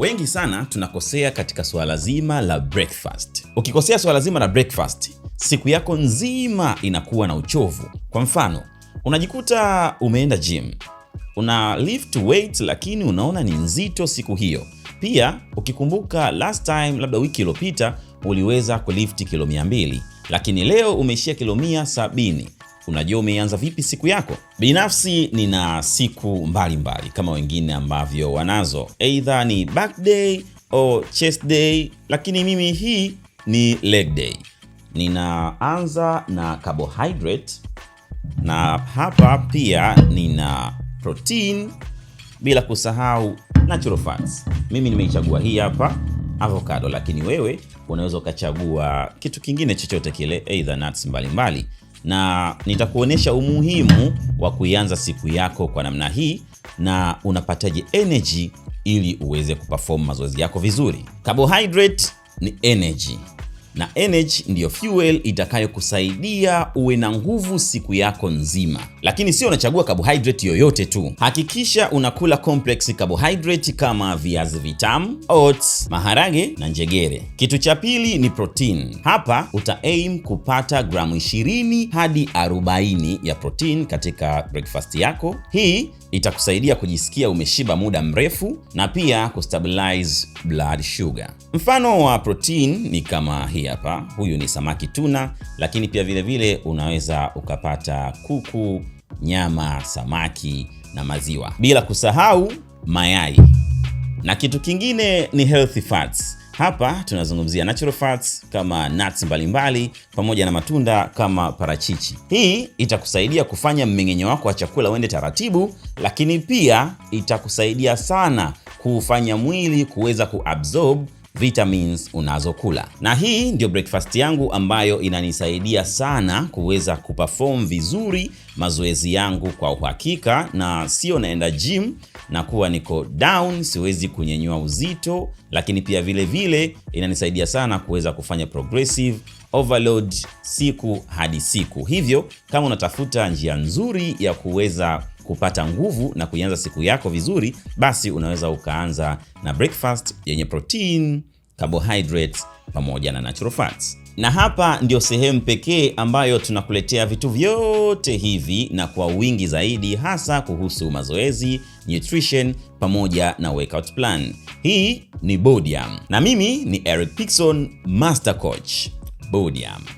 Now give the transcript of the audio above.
Wengi sana tunakosea katika swala zima la breakfast. Ukikosea swala zima la breakfast, siku yako nzima inakuwa na uchovu. Kwa mfano, unajikuta umeenda gym, una lift weight lakini unaona ni nzito siku hiyo. Pia ukikumbuka last time, labda wiki iliyopita uliweza kulift kilo 200 lakini leo umeishia kilo 170. Unajua umeanza vipi siku yako? Binafsi nina siku mbalimbali mbali, kama wengine ambavyo wanazo, eidha ni back day au chest day, lakini mimi hii ni leg day. Ninaanza na carbohydrate na hapa pia nina protein bila kusahau natural fats. Mimi nimeichagua hii hapa avocado, lakini wewe unaweza ukachagua kitu kingine chochote kile, eidha nuts mbalimbali mbali na nitakuonyesha umuhimu wa kuianza siku yako kwa namna hii na unapataje energy ili uweze kuperform mazoezi yako vizuri. Carbohydrate ni energy na energy ndiyo fuel itakayokusaidia uwe na nguvu siku yako nzima, lakini sio unachagua carbohydrate yoyote tu. Hakikisha unakula complex carbohydrate kama viazi vitamu, oats, maharage na njegere. Kitu cha pili ni protein. Hapa uta aim kupata gramu 20 hadi 40 ya protein katika breakfast yako. Hii itakusaidia kujisikia umeshiba muda mrefu na pia kustabilize blood sugar. Mfano wa protein ni kama hii hii hapa, huyu ni samaki tuna, lakini pia vile vile unaweza ukapata kuku, nyama, samaki na maziwa, bila kusahau mayai. Na kitu kingine ni healthy fats. Hapa tunazungumzia natural fats kama nuts mbalimbali pamoja na matunda kama parachichi. Hii itakusaidia kufanya mmeng'enyo wako wa chakula uende taratibu, lakini pia itakusaidia sana kuufanya mwili kuweza kuabsorb vitamins unazokula. Na hii ndio breakfast yangu ambayo inanisaidia sana kuweza kuperform vizuri mazoezi yangu kwa uhakika, na sio naenda gym na kuwa niko down, siwezi kunyenyua uzito, lakini pia vile vile inanisaidia sana kuweza kufanya progressive overload siku hadi siku. Hivyo kama unatafuta njia nzuri ya kuweza kupata nguvu na kuianza siku yako vizuri, basi unaweza ukaanza na breakfast yenye protein, carbohydrates pamoja na natural fats. Na hapa ndio sehemu pekee ambayo tunakuletea vitu vyote hivi na kwa wingi zaidi, hasa kuhusu mazoezi, nutrition pamoja na workout plan. Hii ni bodium na mimi ni Eric Pickson, master coach Bodium.